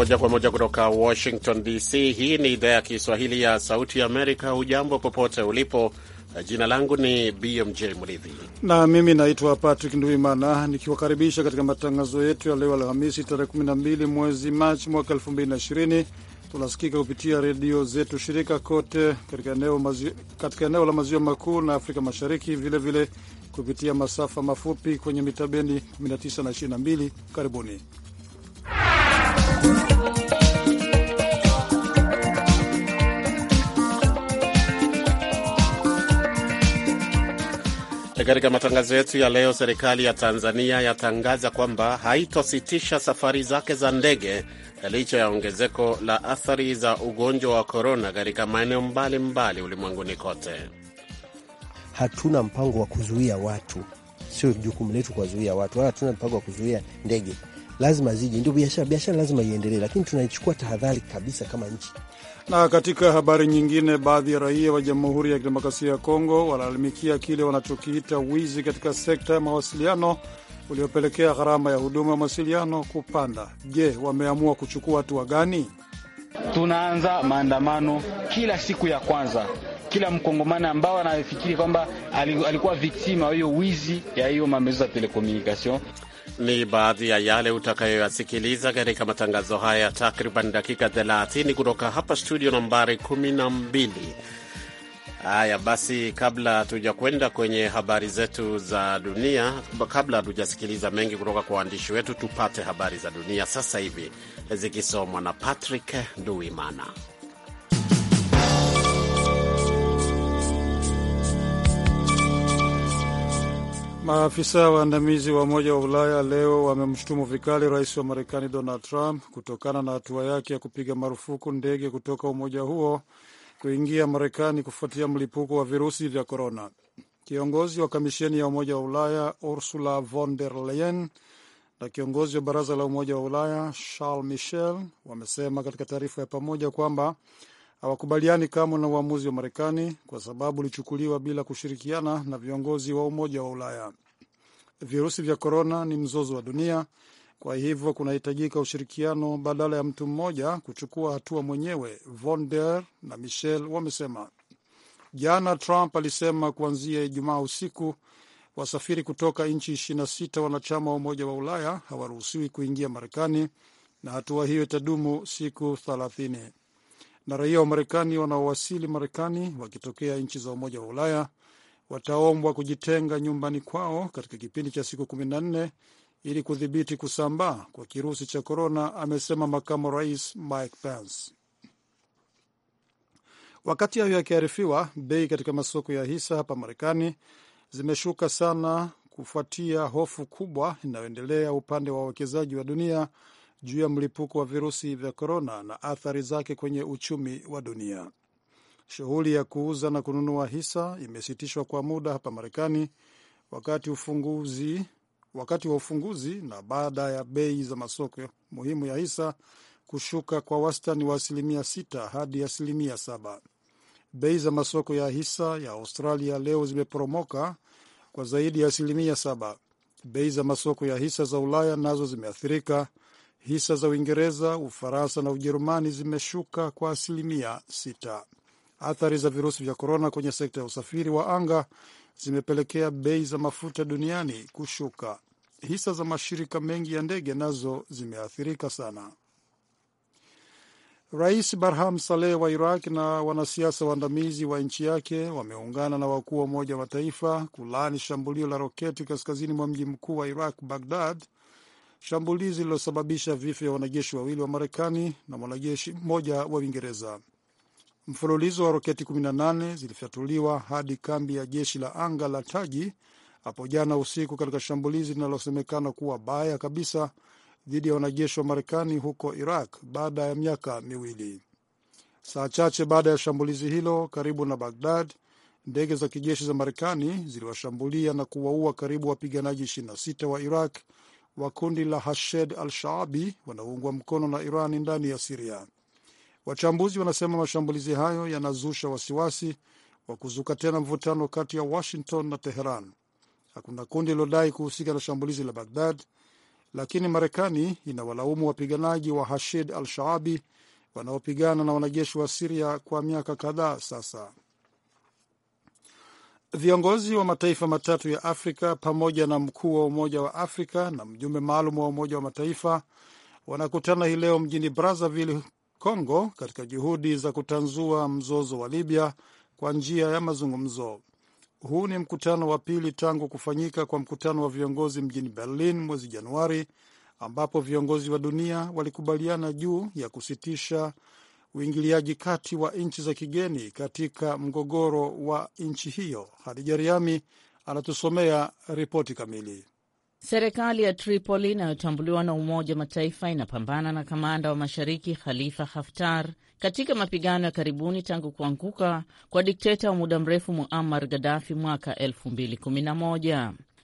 moja kwa moja kutoka Washington DC. Hii ni idhaa ya Kiswahili ya Sauti ya Amerika. Hujambo popote ulipo. Jina langu ni BMJ Mridhi na mimi naitwa Patrick Nduimana, nikiwakaribisha katika matangazo yetu ya leo Alhamisi tarehe 12 mwezi Machi mwaka 2020. Tunasikika kupitia redio zetu shirika kote katika eneo, mazi, katika eneo la maziwa makuu na Afrika Mashariki, vilevile vile kupitia masafa mafupi kwenye mitabendi 19 na 22. Karibuni E katika matangazo yetu ya leo, serikali ya Tanzania yatangaza kwamba haitositisha safari zake za ndege licha ya ongezeko la athari za ugonjwa wa korona katika maeneo mbalimbali ulimwenguni kote. Hatuna mpango wa kuzuia watu, sio jukumu letu kuwazuia watu, wala hatuna mpango wa kuzuia ndege lazima zije, ndio biashara. Biashara lazima iendelee, lakini tunaichukua tahadhari kabisa kama nchi. Na katika habari nyingine, baadhi ya raia wa Jamhuri ya Kidemokrasia ya Kongo wanalalamikia kile wanachokiita wizi katika sekta ya mawasiliano uliopelekea gharama ya huduma ya mawasiliano kupanda. Je, wameamua kuchukua hatua gani? Tunaanza maandamano kila siku ya kwanza kila mkongomani ambao anafikiri kwamba alikuwa viktima hiyo wizi ya hiyo mamezo za telekomunikasion ni baadhi ya yale utakayoyasikiliza katika matangazo haya ya takriban dakika 30 kutoka hapa studio nambari 12. Haya basi, kabla hatujakwenda kwenda kwenye habari zetu za dunia, kabla hatujasikiliza mengi kutoka kwa waandishi wetu, tupate habari za dunia sasa hivi zikisomwa na Patrick Nduimana. Maafisa waandamizi wa Umoja wa Ulaya leo wamemshutumu vikali rais wa Marekani Donald Trump kutokana na hatua yake ya kupiga marufuku ndege kutoka umoja huo kuingia Marekani kufuatia mlipuko wa virusi vya korona. Kiongozi wa kamisheni ya Umoja wa Ulaya Ursula von der Leyen na kiongozi wa baraza la Umoja wa Ulaya Charles Michel wamesema katika taarifa ya pamoja kwamba hawakubaliani kamwe na uamuzi wa Marekani kwa sababu ulichukuliwa bila kushirikiana na viongozi wa Umoja wa Ulaya. Virusi vya korona ni mzozo wa dunia, kwa hivyo kunahitajika ushirikiano badala ya mtu mmoja kuchukua hatua mwenyewe, Von der na Michel wamesema jana. Trump alisema kuanzia Ijumaa usiku wasafiri kutoka nchi 26 wanachama wa Umoja wa Ulaya hawaruhusiwi kuingia Marekani, na hatua hiyo itadumu siku 30 na raia wa Marekani wanaowasili Marekani wakitokea nchi za Umoja wa Ulaya wataombwa kujitenga nyumbani kwao katika kipindi cha siku 14 ili kudhibiti kusambaa kwa kirusi cha korona, amesema makamu rais Mike Pence. Wakati hayo yakiarifiwa, bei katika masoko ya hisa hapa Marekani zimeshuka sana kufuatia hofu kubwa inayoendelea upande wa wawekezaji wa dunia juu ya mlipuko wa virusi vya korona na athari zake kwenye uchumi wa dunia. Shughuli ya kuuza na kununua hisa imesitishwa kwa muda hapa Marekani wakati ufunguzi, wakati wa ufunguzi na baada ya bei za masoko muhimu ya hisa kushuka kwa wastani wa asilimia 6 hadi asilimia saba Bei za masoko ya hisa ya Australia leo zimeporomoka kwa zaidi ya asilimia saba Bei za masoko ya hisa za Ulaya nazo zimeathirika Hisa za Uingereza, Ufaransa na Ujerumani zimeshuka kwa asilimia st Athari za virusi vya korona kwenye sekta ya usafiri wa anga zimepelekea bei za mafuta duniani kushuka. Hisa za mashirika mengi ya ndege nazo zimeathirika sana. Rais Barham Saleh wa Iraq na wanasiasa waandamizi wa nchi yake wameungana na wakuu wa Umoja wa Mataifa kulaani shambulio la roketi kaskazini mwa mji mkuu wa Iraq, Bagdad, shambulizi lililosababisha vifo vya wanajeshi wawili wa Marekani na mwanajeshi mmoja wa Uingereza. Mfululizo wa roketi 18 zilifyatuliwa hadi kambi ya jeshi la anga la Taji hapo jana usiku katika shambulizi linalosemekana kuwa baya kabisa dhidi ya wanajeshi wa Marekani huko Iraq baada ya miaka miwili. Saa chache baada ya shambulizi hilo karibu na Bagdad, ndege za kijeshi za Marekani ziliwashambulia na kuwaua karibu wapiganaji 26 wa Iraq wa kundi la Hashed al-Shaabi wanaoungwa mkono na Iran ndani ya Siria. Wachambuzi wanasema mashambulizi hayo yanazusha wasiwasi wa kuzuka tena mvutano kati ya Washington na Teheran. Hakuna kundi lilodai kuhusika na shambulizi la Bagdad, lakini Marekani inawalaumu wapiganaji wa Hashid al-Shaabi wanaopigana na wanajeshi wa Siria kwa miaka kadhaa sasa. Viongozi wa mataifa matatu ya Afrika pamoja na mkuu wa Umoja wa Afrika na mjumbe maalum wa Umoja wa Mataifa wanakutana hii leo mjini Brazzaville, Congo, katika juhudi za kutanzua mzozo wa Libya kwa njia ya mazungumzo. Huu ni mkutano wa pili tangu kufanyika kwa mkutano wa viongozi mjini Berlin mwezi Januari, ambapo viongozi wa dunia walikubaliana juu ya kusitisha uingiliaji kati wa nchi za kigeni katika mgogoro wa nchi hiyo. Hadija Riami anatusomea ripoti kamili. Serikali ya Tripoli inayotambuliwa na Umoja wa Mataifa inapambana na kamanda wa mashariki Khalifa Haftar katika mapigano ya karibuni tangu kuanguka kwa dikteta wa muda mrefu Muammar Gaddafi mwaka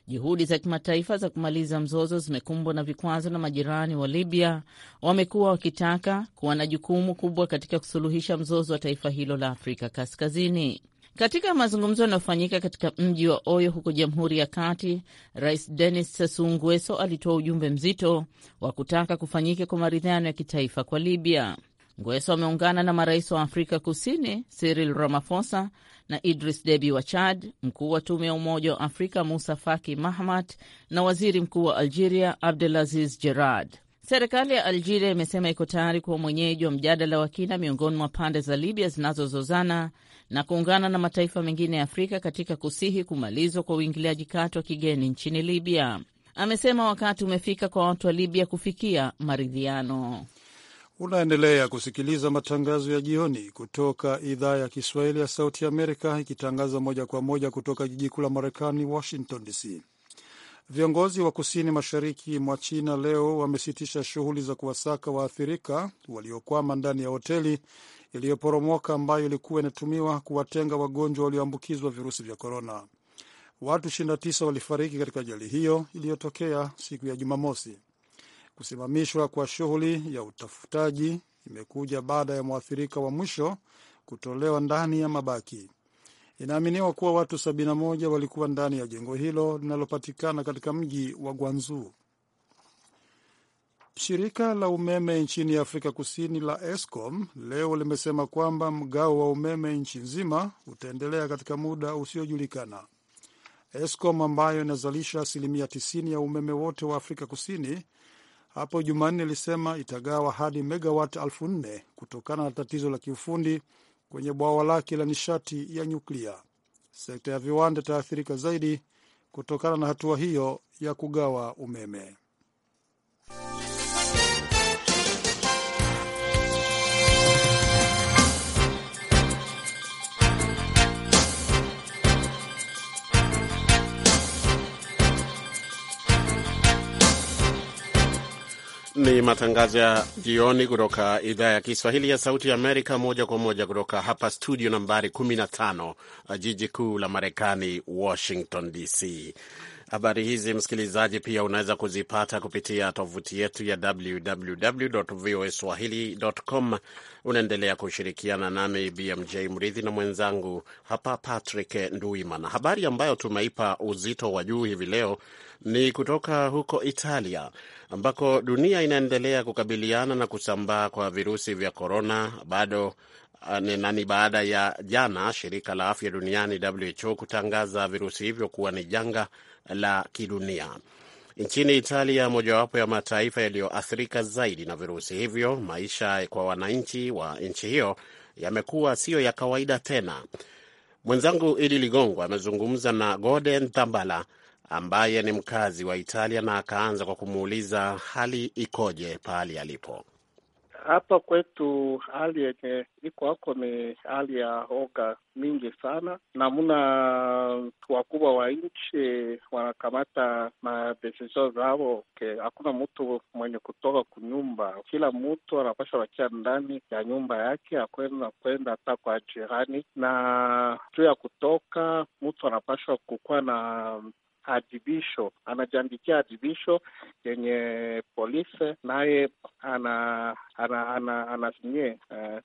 Juhudi za kimataifa za kumaliza mzozo zimekumbwa na vikwazo, na majirani wa Libya wamekuwa wakitaka kuwa na jukumu kubwa katika kusuluhisha mzozo wa taifa hilo la Afrika Kaskazini. Katika mazungumzo yanayofanyika katika mji wa Oyo huko Jamhuri ya Kati, Rais Denis Sassou Nguesso alitoa ujumbe mzito wa kutaka kufanyika kwa maridhiano ya kitaifa kwa Libya. Ngweso ameungana na marais wa Afrika Kusini Cyril Ramaphosa na Idris Deby wa Chad, mkuu wa tume ya Umoja wa Afrika Musa Faki Mahamat na waziri mkuu wa Algeria Abdelaziz Gerard. Serikali ya Algeria imesema iko tayari kuwa mwenyeji wa mjadala wa kina miongoni mwa pande za Libya zinazozozana na kuungana na mataifa mengine ya Afrika katika kusihi kumalizwa kwa uingiliaji kati wa kigeni nchini Libya. Amesema wakati umefika kwa watu wa Libya kufikia maridhiano. Unaendelea kusikiliza matangazo ya jioni kutoka idhaa ya Kiswahili ya Sauti Amerika, ikitangaza moja kwa moja kutoka jiji kuu la Marekani, Washington DC. Viongozi wa kusini mashariki mwa China leo wamesitisha shughuli za kuwasaka waathirika waliokwama ndani ya hoteli iliyoporomoka ambayo ilikuwa inatumiwa kuwatenga wagonjwa walioambukizwa virusi vya korona. Watu 29 walifariki katika ajali hiyo iliyotokea siku ya Jumamosi. Kusimamishwa kwa shughuli ya utafutaji imekuja baada ya mwathirika wa mwisho kutolewa ndani ya mabaki. Inaaminiwa kuwa watu 71 walikuwa ndani ya jengo hilo linalopatikana katika mji wa gwanzu Shirika la umeme nchini Afrika Kusini la Eskom leo limesema kwamba mgao wa umeme nchi nzima utaendelea katika muda usiojulikana. Eskom ambayo inazalisha asilimia 90 ya umeme wote wa Afrika Kusini hapo Jumanne ilisema itagawa hadi megawat elfu nne kutokana na tatizo la kiufundi kwenye bwawa lake la nishati ya nyuklia. Sekta ya viwanda itaathirika zaidi kutokana na hatua hiyo ya kugawa umeme. Ni matangazo ya jioni kutoka idhaa ya Kiswahili ya Sauti ya Amerika, moja kwa moja kutoka hapa studio nambari 15 uh, jiji kuu la Marekani, Washington DC. Habari hizi msikilizaji, pia unaweza kuzipata kupitia tovuti yetu ya www voa swahili.com. Unaendelea kushirikiana nami BMJ Mridhi na mwenzangu hapa Patrick Nduimana. Habari ambayo tumeipa uzito wa juu hivi leo ni kutoka huko Italia ambako dunia inaendelea kukabiliana na kusambaa kwa virusi vya korona bado na ah, ni baada ya jana shirika la afya duniani WHO kutangaza virusi hivyo kuwa ni janga la kidunia. Nchini Italia, mojawapo ya mataifa yaliyoathirika zaidi na virusi hivyo, maisha kwa wananchi wa nchi hiyo yamekuwa siyo ya kawaida tena. Mwenzangu Idi Ligongo amezungumza na Gorden Thambala ambaye ni mkazi wa Italia na akaanza kwa kumuuliza hali ikoje pahali alipo. Hapa kwetu hali yenye iko hako ni hali ya oga mingi sana, namuna wakubwa wa nchi wanakamata madecision zao. Hakuna mtu mwenye kutoka kunyumba, kila mtu anapasha wakia ndani ya nyumba yake, akwenda na kwenda hata kwa jirani. Na juu ya kutoka, mtu anapashwa kukuwa na adibisho, anajiandikia adibisho yenye polisi naye ana ana, ana, eh,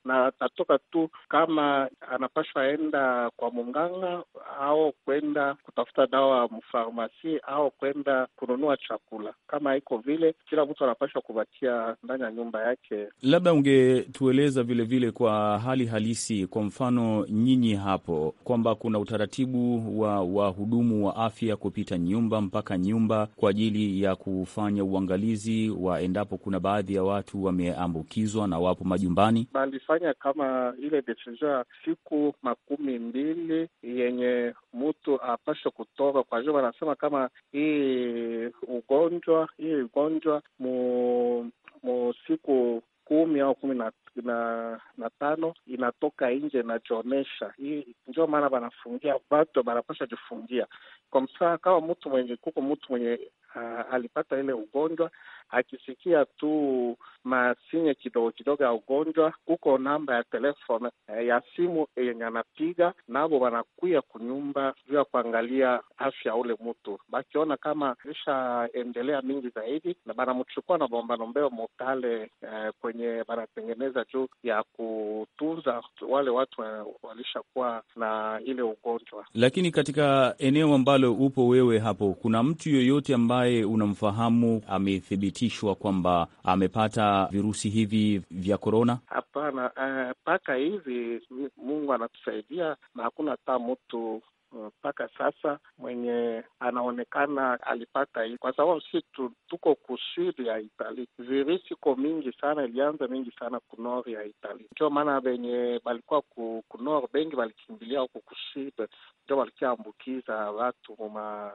na atatoka tu kama anapashwa enda kwa munganga au kwenda kutafuta dawa mfarmasi au kwenda kununua chakula. Kama iko vile, kila mtu anapashwa kubatia ndani ya nyumba yake. Labda ungetueleza vilevile kwa hali halisi, kwa mfano nyinyi hapo, kwamba kuna utaratibu wa wahudumu wa afya kupita nyumba mpaka nyumba kwa ajili ya kufanya uangalizi wa endapo kuna baadhi ya watu wameambu wameambukizwa na wapo majumbani. Balifanya kama ile decision ya siku makumi mbili yenye mtu apashe kutoka kwa jua, wanasema kama hii ugonjwa hii ugonjwa mu, mu siku kumi au kumi na na na tano inatoka nje inachoonyesha hii. Ndio maana wanafungia watu, wanapasha jifungia kwa msaa. Kama mtu mwenye kuko mtu mwenye uh, alipata ile ugonjwa, akisikia tu masinye kidogo kidogo ya ugonjwa, kuko namba ya telefone e, ya simu yenye anapiga, navo wanakuya kunyumba juu ya kuangalia afya ule mtu, bakiona kama ishaendelea mingi zaidi, na banamchukua na bombanombeo motale eh, kwenye banatengeneza kuzungumza juu ya kutunza wale watu walishakuwa na ile ugonjwa. Lakini katika eneo ambalo upo wewe hapo, kuna mtu yoyote ambaye unamfahamu amethibitishwa kwamba amepata virusi hivi vya korona? Hapana, eh, mpaka uh, hivi Mungu anatusaidia na hakuna hata mtu Eh, mpaka sasa mwenye anaonekana alipata hii, kwa sababu si tuko kusudi ya Itali, virusi iko mingi sana, ilianza mingi sana kunor ya Itali, ndio maana venye balikuwa kunor bengi balikimbilia huku kusud, ndio walikiambukiza watu ma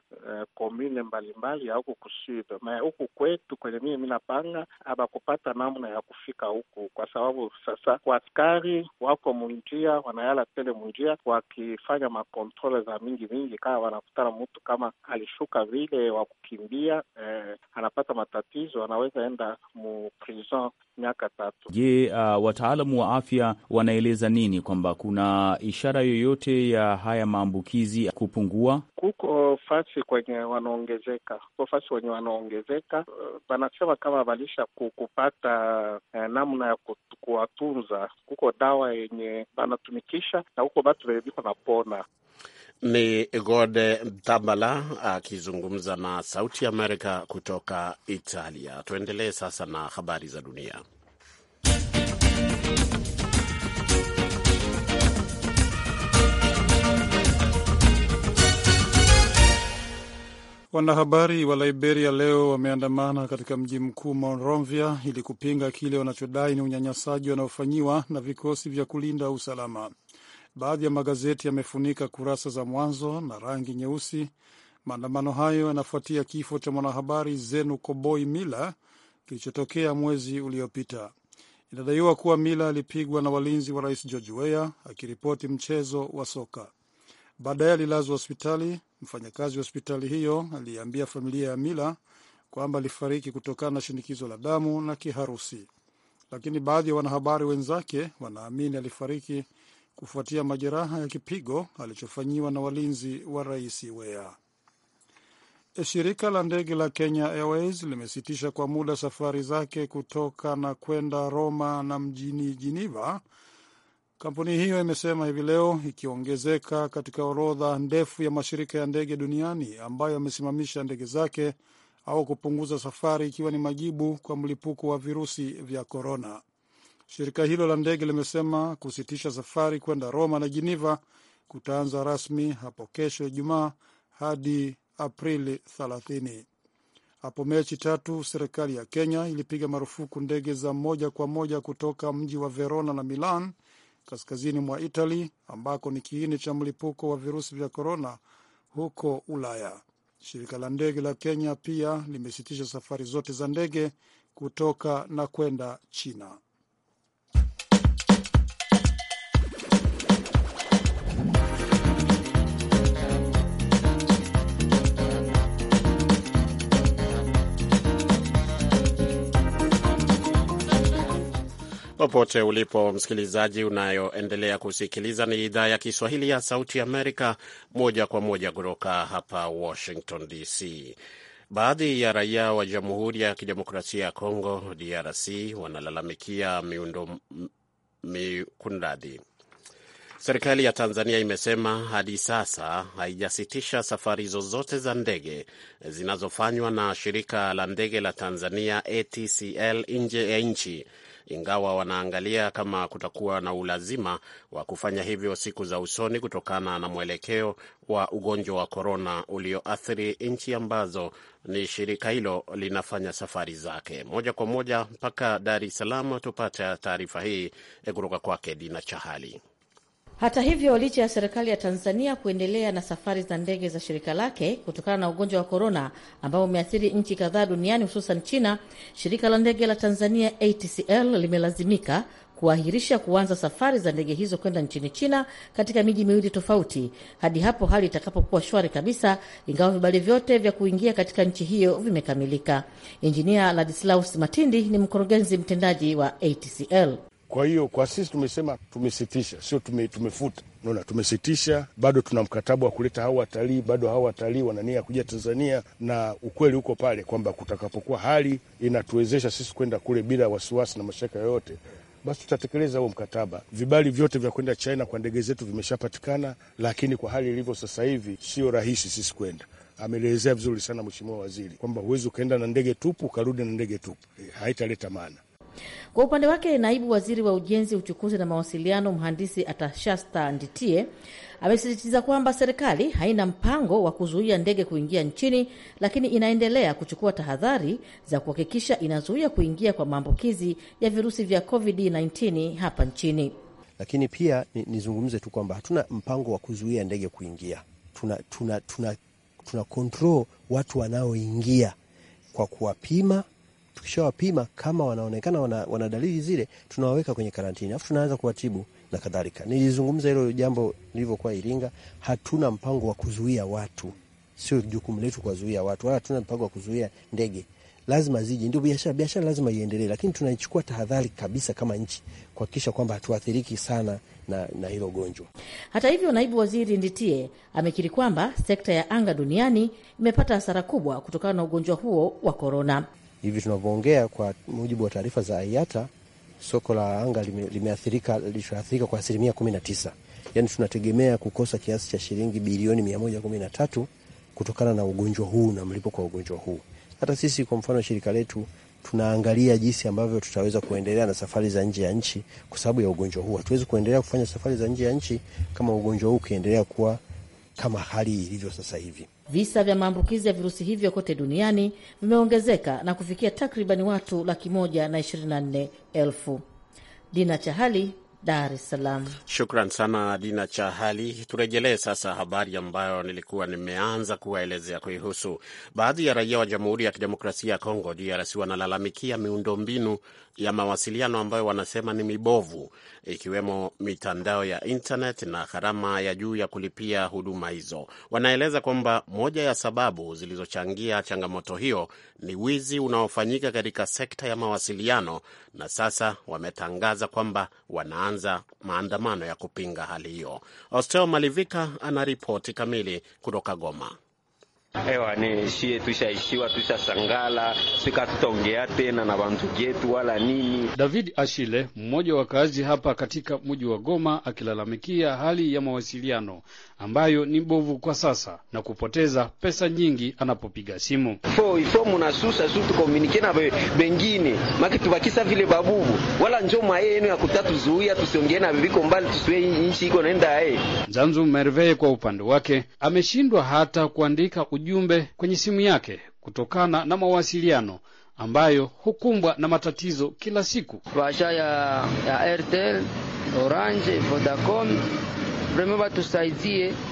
komune eh, uh, mbalimbali ya huku kusud. Ma huku kwetu kwenye mie minapanga abakupata namna ya kufika huku, kwa sababu sasa waskari wako munjia, wanayala tele munjia wakifanya makontrole za mingi mingi, kaa wanakutana mtu kama alishuka vile wa kukimbia eh, anapata matatizo, anaweza enda mu prison miaka tatu. Je, uh, wataalamu wa afya wanaeleza nini kwamba kuna ishara yoyote ya haya maambukizi kupungua? Kuko fasi kwenye wanaongezeka, kuko fasi wenye wanaongezeka, eh, wanasema kama walisha kupata uh, namna ya kuwatunza. Kuko dawa yenye wanatumikisha na huko batu venye viko napona ni Gode Mtabala akizungumza na Sauti Amerika kutoka Italia. Tuendelee sasa na habari za dunia. Wanahabari wa Liberia leo wameandamana katika mji mkuu Monrovia ili kupinga kile wanachodai ni unyanyasaji wanaofanyiwa na vikosi vya kulinda usalama. Baadhi ya magazeti yamefunika kurasa za mwanzo na rangi nyeusi. Maandamano hayo yanafuatia kifo cha mwanahabari Zenu Koboi Mila kilichotokea mwezi uliopita. Inadaiwa kuwa Mila alipigwa na walinzi wa rais George Weah akiripoti mchezo wa soka. Baadaye alilazwa hospitali. Mfanyakazi wa hospitali hiyo aliambia familia ya Mila kwamba alifariki kutokana na shinikizo la damu na kiharusi, lakini baadhi ya wanahabari wenzake wanaamini alifariki kufuatia majeraha ya kipigo alichofanyiwa na walinzi wa rais Wea. E, shirika la ndege la Kenya Airways limesitisha kwa muda safari zake kutoka na kwenda Roma na mjini Jiniva, kampuni hiyo imesema hivi leo, ikiongezeka katika orodha ndefu ya mashirika ya ndege duniani ambayo yamesimamisha ndege zake au kupunguza safari, ikiwa ni majibu kwa mlipuko wa virusi vya korona. Shirika hilo la ndege limesema kusitisha safari kwenda Roma na jiniva kutaanza rasmi hapo kesho Ijumaa hadi Aprili 30. Hapo Mechi tatu, serikali ya Kenya ilipiga marufuku ndege za moja kwa moja kutoka mji wa Verona na Milan kaskazini mwa Itali ambako ni kiini cha mlipuko wa virusi vya korona huko Ulaya. Shirika la ndege la Kenya pia limesitisha safari zote za ndege kutoka na kwenda China. Popote ulipo msikilizaji, unayoendelea kusikiliza ni idhaa ya Kiswahili ya Sauti Amerika, moja kwa moja kutoka hapa Washington DC. Baadhi ya raia wa Jamhuri ya Kidemokrasia ya Kongo, DRC, wanalalamikia miundo mikundadi. Serikali ya Tanzania imesema hadi sasa haijasitisha safari zozote za ndege zinazofanywa na shirika la ndege la Tanzania ATCL nje ya nchi ingawa wanaangalia kama kutakuwa na ulazima wa kufanya hivyo siku za usoni kutokana na mwelekeo wa ugonjwa wa korona ulioathiri nchi ambazo ni shirika hilo linafanya safari zake. Moja kwa moja mpaka Dar es Salaam tupate taarifa hii eh, kutoka kwake Dina Chahali. Hata hivyo, licha ya serikali ya Tanzania kuendelea na safari za ndege za shirika lake kutokana na ugonjwa wa korona ambao umeathiri nchi kadhaa duniani hususan China, shirika la ndege la Tanzania ATCL limelazimika kuahirisha kuanza safari za ndege hizo kwenda nchini China katika miji miwili tofauti hadi hapo hali itakapokuwa shwari kabisa, ingawa vibali vyote vya kuingia katika nchi hiyo vimekamilika. Injinia Ladislaus Matindi ni mkurugenzi mtendaji wa ATCL. Kwa hiyo kwa sisi tumesema tumesitisha, sio tume, tumefuta. Naona tumesitisha, bado tuna mkataba wa kuleta hao watalii, bado hao watalii wana nia ya kuja Tanzania, na ukweli uko pale kwamba kutakapokuwa hali inatuwezesha sisi kwenda kule bila wasiwasi na mashaka yoyote basi tutatekeleza huo mkataba. Vibali vyote vya kwenda China kwa ndege zetu vimeshapatikana, lakini kwa hali ilivyo sasa hivi sio rahisi sisi kwenda. Ameelezea vizuri sana Mheshimiwa Waziri kwamba huwezi ukaenda na ndege tupu ukarudi na ndege tupu, eh, haitaleta maana. Kwa upande wake, naibu waziri wa ujenzi, uchukuzi na mawasiliano, mhandisi Atashasta Nditie amesisitiza kwamba serikali haina mpango wa kuzuia ndege kuingia nchini, lakini inaendelea kuchukua tahadhari za kuhakikisha inazuia kuingia kwa maambukizi ya virusi vya COVID-19 hapa nchini. Lakini pia nizungumze tu kwamba hatuna mpango wa kuzuia ndege kuingia. Tuna, tuna, tuna, tuna kontrol watu wanaoingia kwa kuwapima tukishawapima kama wanaonekana wana, wana dalili zile, tunawaweka kwenye karantini afu tunaanza kuwatibu na kadhalika. Nilizungumza hilo jambo lilivyokuwa Iringa. Hatuna mpango wa kuzuia watu, sio jukumu letu kuwazuia watu, wala hatuna mpango wa kuzuia ndege. Lazima ziji, ndio biashara, biashara lazima iendelee, lakini tunaichukua tahadhari kabisa kama nchi kuhakikisha kwamba hatuathiriki sana na, na hilo gonjwa. Hata hivyo, naibu waziri Nditie amekiri kwamba sekta ya anga duniani imepata hasara kubwa kutokana na ugonjwa huo wa korona. Hivi tunavyoongea, kwa mujibu wa taarifa za IATA, soko la anga limeathirika lishoathirika kwa asilimia kumi na tisa. Yani tunategemea kukosa kiasi cha shilingi bilioni mia moja kumi na tatu kutokana na ugonjwa huu na mlipuko wa ugonjwa huu. Hata sisi kwa mfano, shirika letu tunaangalia jinsi ambavyo tutaweza kuendelea na safari za nje ya nchi kwa sababu ya ugonjwa huu. Hatuwezi kuendelea kufanya safari za nje ya nchi kama ugonjwa huu ukiendelea kuwa kama hali ilivyo sasa hivi. Visa vya maambukizi ya virusi hivyo kote duniani vimeongezeka na kufikia takribani watu laki moja na ishirini na nne elfu. Dina Chahali, Dar es Salaam. Shukran sana Dina Chahali. Turejelee sasa habari ambayo nilikuwa nimeanza kuwaelezea kuihusu. Baadhi ya raia wa Jamhuri ya Kidemokrasia ya Kongo, DRC, wanalalamikia miundombinu ya mawasiliano ambayo wanasema ni mibovu, ikiwemo mitandao ya internet na gharama ya juu ya kulipia huduma hizo. Wanaeleza kwamba moja ya sababu zilizochangia changamoto hiyo ni wizi unaofanyika katika sekta ya mawasiliano, na sasa wametangaza kwamba wana wanaanza maandamano ya kupinga hali hiyo. Ostel Malivika ana ripoti kamili kutoka Goma. Ewa ni shie tushaishiwa, tushasangala sika, tutaongea tena na bantu getu wala nini. David Ashile, mmoja wa kazi hapa katika mji wa Goma, akilalamikia hali ya mawasiliano ambayo ni bovu kwa sasa na kupoteza pesa nyingi anapopiga simu fo ifo munasusa su tukomunike na bengine maki tubakisa vile babubu wala njo mwaye yenu ya kutatuzuia tusiongee na bibiko mbali tusiwe nchi iko naenda ye. Zanzu Merveye kwa upande wake ameshindwa hata kuandika ujumbe kwenye simu yake kutokana na mawasiliano ambayo hukumbwa na matatizo kila siku. ya, ya Airtel, Orange, Vodacom vreme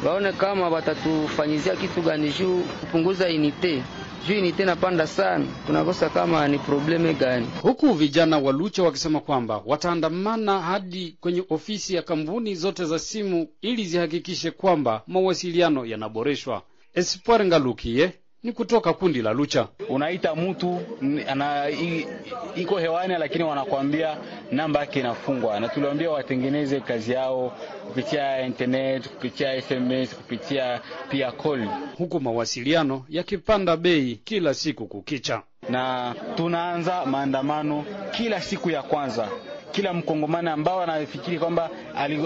waone kama watatufanyizia kitu gani juu kupunguza inite juu inite napanda sana, tunakosa kama ni probleme gani. Huku vijana wa Lucha wakisema kwamba wataandamana hadi kwenye ofisi ya kampuni zote za simu ili zihakikishe kwamba mawasiliano yanaboreshwa. Espoir Ngalukiye eh? ni kutoka kundi la Lucha. Unaita mtu ana iko hewani, lakini wanakuambia namba yake inafungwa, na tuliwaambia watengeneze kazi yao kupitia internet, kupitia SMS, kupitia pia call, huku mawasiliano yakipanda bei kila siku kukicha, na tunaanza maandamano kila siku ya kwanza kila mkongomana ambao anafikiri kwamba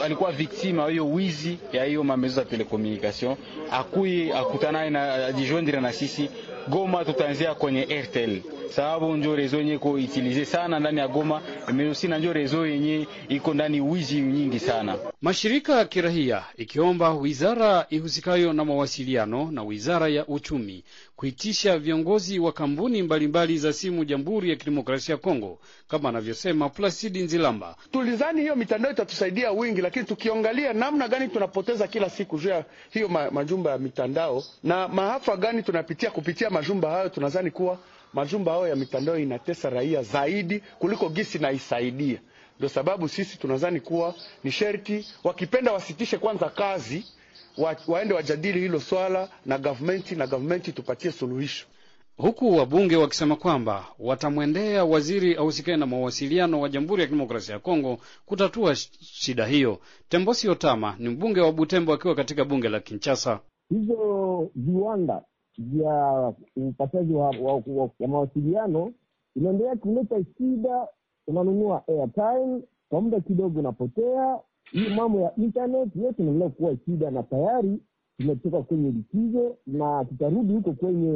alikuwa victima hiyo wizi ya hiyo mamezo za telecommunication akui akutanaye na ajijoindire na sisi Goma, tutaanzia kwenye RTL sababu njo rezo yenye iko itilize sana ndani ya Goma meosi na njo rezo yenye iko ndani wizi nyingi sana. Mashirika ya kirahia ikiomba wizara ihusikayo na mawasiliano na wizara ya uchumi kuitisha viongozi wa kampuni mbalimbali za simu Jamhuri ya Kidemokrasia ya Kongo, kama anavyosema Plasidi Nzilamba. Tulizani hiyo mitandao itatusaidia wingi, lakini tukiangalia namna gani tunapoteza kila siku juu ya hiyo majumba ya mitandao na maafa gani tunapitia kupitia majumba hayo, tunazani kuwa majumba hayo ya mitandao inatesa raia zaidi kuliko gisi na isaidia. Ndio sababu sisi tunadhani kuwa ni sherti wakipenda wasitishe kwanza kazi wa, waende wajadili hilo swala na government na government tupatie suluhisho, huku wabunge wakisema kwamba watamwendea waziri ahusikae na mawasiliano wa Jamhuri ya Kidemokrasia ya Kongo kutatua shida hiyo. Tembosi Otama ni mbunge wa Butembo akiwa katika bunge la Kinshasa. Hizo viwanda ya upataji wa, wa, wa, mawasiliano inaendelea kuleta shida. Unanunua airtime kwa muda kidogo unapotea. Hii mambo ya internet yote inaendelea kuwa shida, na tayari tumetoka kwenye likizo na tutarudi huko kwenye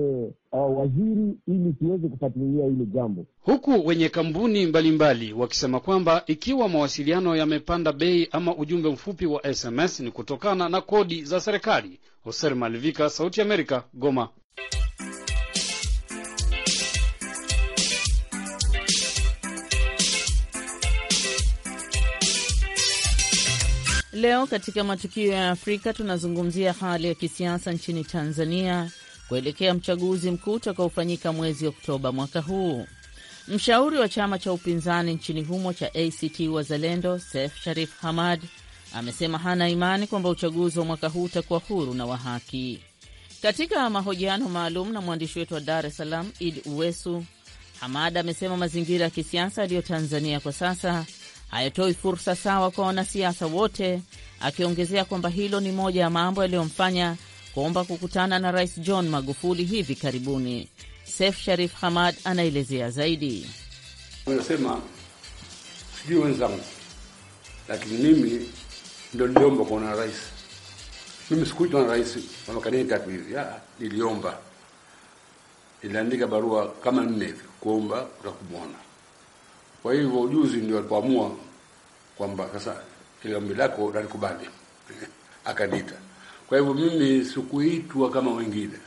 uh, waziri ili tuweze kufuatilia hili jambo, huku wenye kampuni mbalimbali wakisema kwamba ikiwa mawasiliano yamepanda bei ama ujumbe mfupi wa SMS ni kutokana na kodi za serikali. Hoser Malvika, Sauti ya Amerika, Goma. Leo katika matukio ya Afrika tunazungumzia hali ya kisiasa nchini Tanzania kuelekea mchaguzi mkuu utakaofanyika mwezi Oktoba mwaka huu. Mshauri wa chama cha upinzani nchini humo cha ACT Wazalendo, Sef Sharif Hamad amesema hana imani kwamba uchaguzi wa mwaka huu utakuwa huru na wa haki. Katika mahojiano maalum na mwandishi wetu wa Dar es Salaam Idi Uwesu, Hamada amesema mazingira ya kisiasa yaliyo Tanzania kwa sasa hayatoi fursa sawa kwa wanasiasa wote, akiongezea kwamba hilo ni moja ya mambo yaliyomfanya kuomba kukutana na Rais John Magufuli hivi karibuni. Sef Sharif Hamad anaelezea zaidi. Anasema sijui wenzangu, lakini mimi ndio niliomba kuona rais. Mimi sikuitwa na rais wanakadeni tatu hivi, niliomba, niliandika barua kama nne hivi kuomba utakumwona. Kwa hivyo juzi ndio alipoamua kwamba sasa ile ombi lako nalikubali, akaniita. Kwa hivyo mimi sikuitwa kama wengine,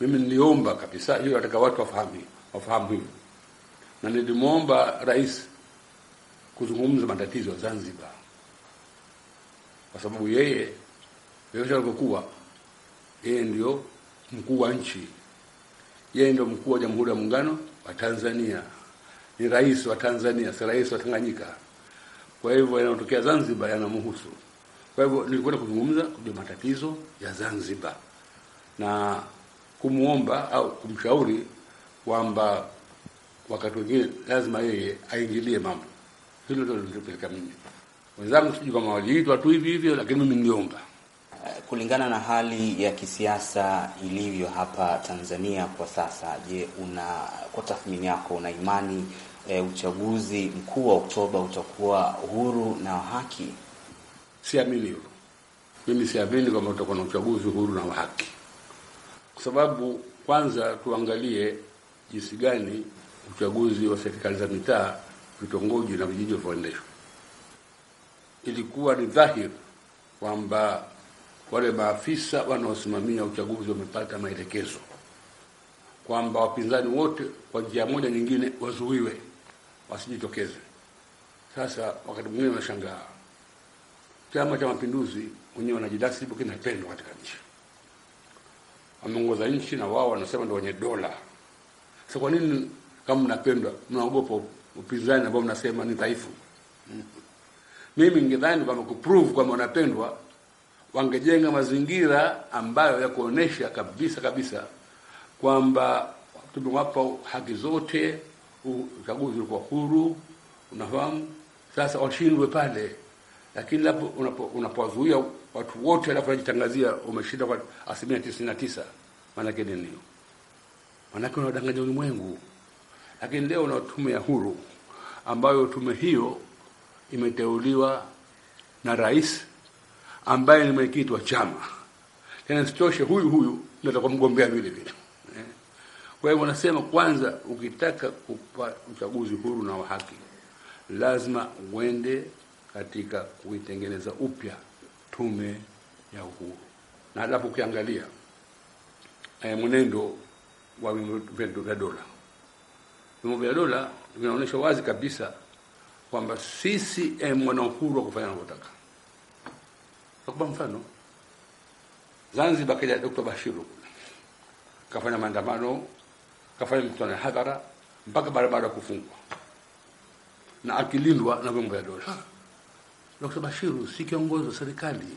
mimi niliomba kabisa, hiyo nataka watu wafahamu, wafahamu hivyo, na nilimwomba rais kuzungumza matatizo ya Zanzibar kwa sababu yeye yoyote alivyokuwa, yeye ndio mkuu wa nchi, yeye ndio mkuu wa Jamhuri ya Muungano wa Tanzania, ni rais wa Tanzania, si rais wa Tanganyika. Kwa hivyo yanayotokea Zanzibar yanamhusu. Kwa hivyo nilikwenda kuzungumza kujua matatizo ya Zanzibar na kumwomba au kumshauri kwamba wakati wengine lazima yeye aingilie mambo. Hilo ndio lilipeleka mimi wenzangu, sijui kama waliitwa tu hivi hivyo, lakini mimi niliomba. Eh, kulingana na hali ya kisiasa ilivyo hapa Tanzania kwa sasa, je, una kwa tathmini yako, una imani e, uchaguzi mkuu wa Oktoba utakuwa huru na wa haki? Siamini hilo mimi, siamini kwamba utakuwa na uchaguzi huru na wa haki, kwa sababu kwanza tuangalie jinsi gani uchaguzi wa serikali za mitaa, vitongoji na vijiji vyoendeshwa ilikuwa ni dhahiri kwamba wale maafisa wanaosimamia uchaguzi wamepata maelekezo kwamba wapinzani wote kwa njia moja nyingine wazuiwe wasijitokeze. Sasa wakati mwingine wanashangaa Chama cha Mapinduzi wenyewe wanajidasibu kinapendwa katika nchi, wameongoza nchi na wao wanasema ndo wenye dola. Sasa kwa nini kama mnapendwa mnaogopa upinzani ambao mnasema ni dhaifu? Mimi ningedhani kwamba kuprove kwamba unapendwa, wangejenga mazingira ambayo ya kuonesha kabisa kabisa kwamba tumewapa haki zote, uchaguzi ulikuwa huru, unafahamu. Sasa washindwe pale, lakini lapo unapowazuia watu wote alafu unajitangazia umeshinda kwa asilimia tisini na tisa, maanake nini? Maanake unawadanganya ulimwengu. Lakini leo una tume ya huru ambayo tume hiyo imeteuliwa na rais ambaye ni mwenyekiti wa chama, tena sitoshe, huyu huyu ndio atakuwa mgombea vile vile. Eh. Kwa hivyo nasema kwanza, ukitaka kupa uchaguzi huru na wa haki, lazima uende katika kuitengeneza upya tume ya uhuru, na alafu ukiangalia e, mwenendo wa vyombo vya dola, vyombo vya dola vinaonyesha wazi kabisa kwamba sisi eh, mwana uhuru wa kufanya anavyotaka. Nakupa mfano Zanzibar, kaja Dr. Bashiru kafanya maandamano, kafanya mkutano ya hadhara mpaka barabara ya kufungwa na akilindwa na vyombo vya dola. Dr. Bashiru si kiongozi wa serikali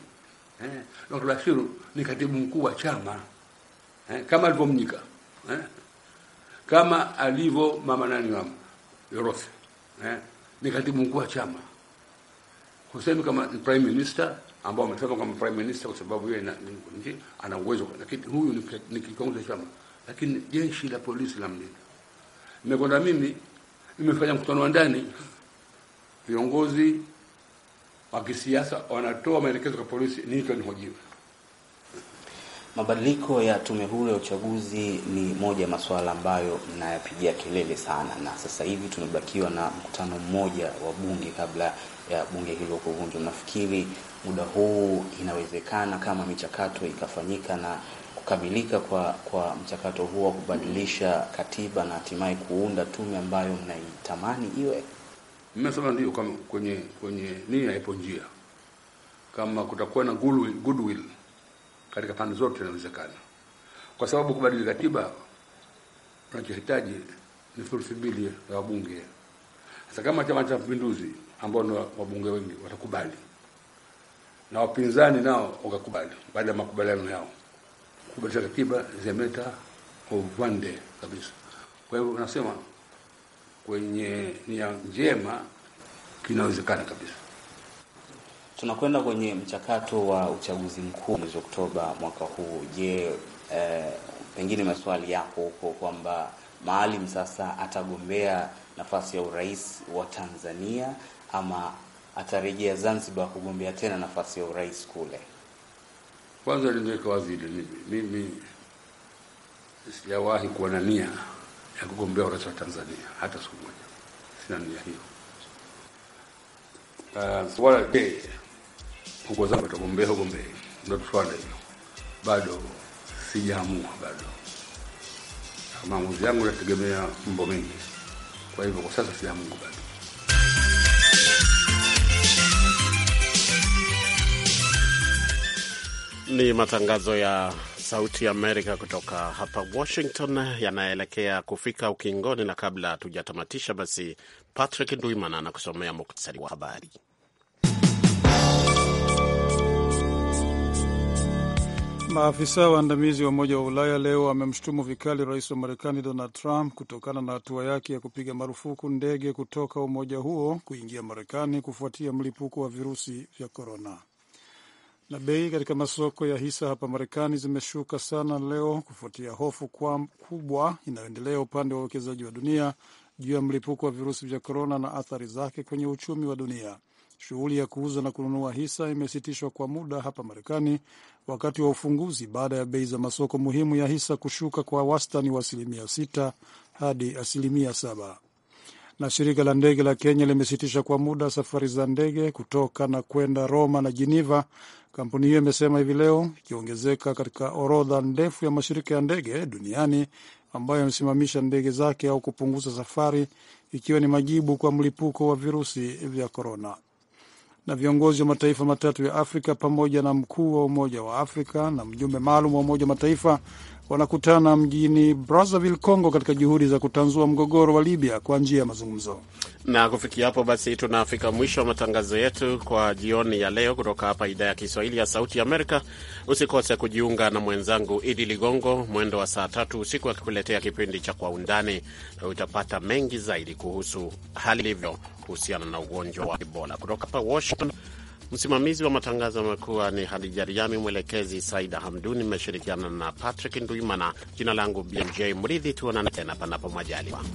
eh. Dr. Bashiru ni katibu mkuu wa chama eh, kama alivyomnyika eh, kama alivyo mama nani wa Yorose eh ni katibu mkuu wa chama, husemi kama prime minister, ambao wamesema kama prime minister kwa sababu yeye ana uwezo, lakini huyu ni kiongozi wa chama. Lakini jeshi la polisi la mlinda, nimekwenda mimi, nimefanya mkutano wa ndani, viongozi wa kisiasa wanatoa maelekezo kwa polisi, nini tunihojiwe Mabadiliko ya Tume Huru ya Uchaguzi ni moja ya masuala ambayo mnayapigia kelele sana, na sasa hivi tumebakiwa na mkutano mmoja wa bunge kabla ya bunge hilo kuvunjwa. Nafikiri muda huu inawezekana kama michakato ikafanyika na kukamilika kwa kwa mchakato huo wa kubadilisha katiba na hatimaye kuunda tume ambayo mnaitamani iwe? Mmesema ndio, kwenye kwenye nia ipo njia, kama kutakuwa na goodwill, goodwill katika pande zote inawezekana, kwa sababu kubadili katiba unachohitaji ni thuluthi mbili ya wabunge. Sasa kama Chama cha Mapinduzi ambao ni wabunge wengi watakubali na wapinzani nao wakakubali, baada ya makubaliano yao, kubadilisha katiba zemeta ovande kabisa. Kwa hivyo unasema kwenye nia njema kinawezekana kabisa. Tunakwenda kwenye mchakato wa uchaguzi mkuu mwezi Oktoba mwaka huu. Je, eh, pengine maswali yako huko kwamba Maalim sasa atagombea nafasi ya urais wa Tanzania ama atarejea Zanzibar kugombea tena nafasi ya urais kule? Kwanza niweke wazi hili, mimi sijawahi kuwa na nia ya kugombea urais wa Tanzania hata siku moja, sina nia hiyo. Uh, swala je huko zangu atagombea ugombea, ndo tutwana hivyo, bado sijaamua bado. Maamuzi yangu nategemea mambo mengi, kwa hivyo kwa sasa sijaamua bado. Ni matangazo ya Sauti Amerika kutoka hapa Washington yanaelekea kufika ukingoni, na kabla hatujatamatisha, basi Patrick Ndwimana anakusomea muktasari wa habari. Maafisa waandamizi wa Umoja wa Ulaya leo wamemshutumu vikali rais wa Marekani Donald Trump kutokana na hatua yake ya kupiga marufuku ndege kutoka umoja huo kuingia Marekani kufuatia mlipuko wa virusi vya korona. Na bei katika masoko ya hisa hapa Marekani zimeshuka sana leo kufuatia hofu kwa kubwa inayoendelea upande wa uwekezaji wa dunia juu ya mlipuko wa virusi vya korona na athari zake kwenye uchumi wa dunia. Shughuli ya kuuza na kununua hisa imesitishwa kwa muda hapa Marekani wakati wa ufunguzi baada ya bei za masoko muhimu ya hisa kushuka kwa wastani wa asilimia 6 hadi asilimia 7. Na shirika la ndege la Kenya limesitisha kwa muda safari za ndege kutoka na kwenda Roma na Geneva, kampuni hiyo imesema hivi leo, ikiongezeka katika orodha ndefu ya mashirika ya ndege duniani ambayo yamesimamisha ndege zake au kupunguza safari, ikiwa ni majibu kwa mlipuko wa virusi vya korona na viongozi wa mataifa matatu ya Afrika pamoja na mkuu wa Umoja wa Afrika na mjumbe maalum wa Umoja wa Mataifa wanakutana mjini Brazzaville, Congo, katika juhudi za kutanzua mgogoro wa Libya kwa njia ya mazungumzo. Na kufikia hapo basi, tunafika mwisho wa matangazo yetu kwa jioni ya leo kutoka hapa idhaa ya Kiswahili ya Sauti Amerika. Usikose kujiunga na mwenzangu Idi Ligongo mwendo wa saa tatu usiku akikuletea kipindi cha Kwa Undani na utapata mengi zaidi kuhusu hali ilivyo kuhusiana na ugonjwa wa Ebola kutoka hapa Washington. Msimamizi wa matangazo amekuwa ni Hadija Riami, mwelekezi Saida Hamduni. Mmeshirikiana na Patrick Nduimana. Jina langu BMJ Mridhi, tuonane tena panapo majaliwa.